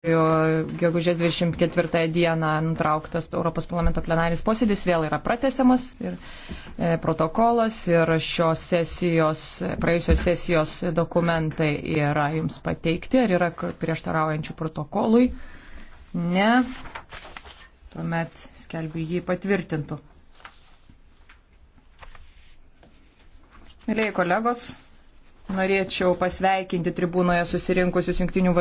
Jo gegužės 24 dieną nutrauktas Europos parlamento plenarinis posėdis vėl yra pratesiamas ir e, protokolas ir šios sesijos, praėjusios sesijos dokumentai yra jums pateikti. Ar yra prieštaraujančių protokolui? Ne. Tuomet skelbiu jį patvirtintų. Mėlyi kolegos, norėčiau pasveikinti tribūnoje susirinkusius jungtinių valstybių.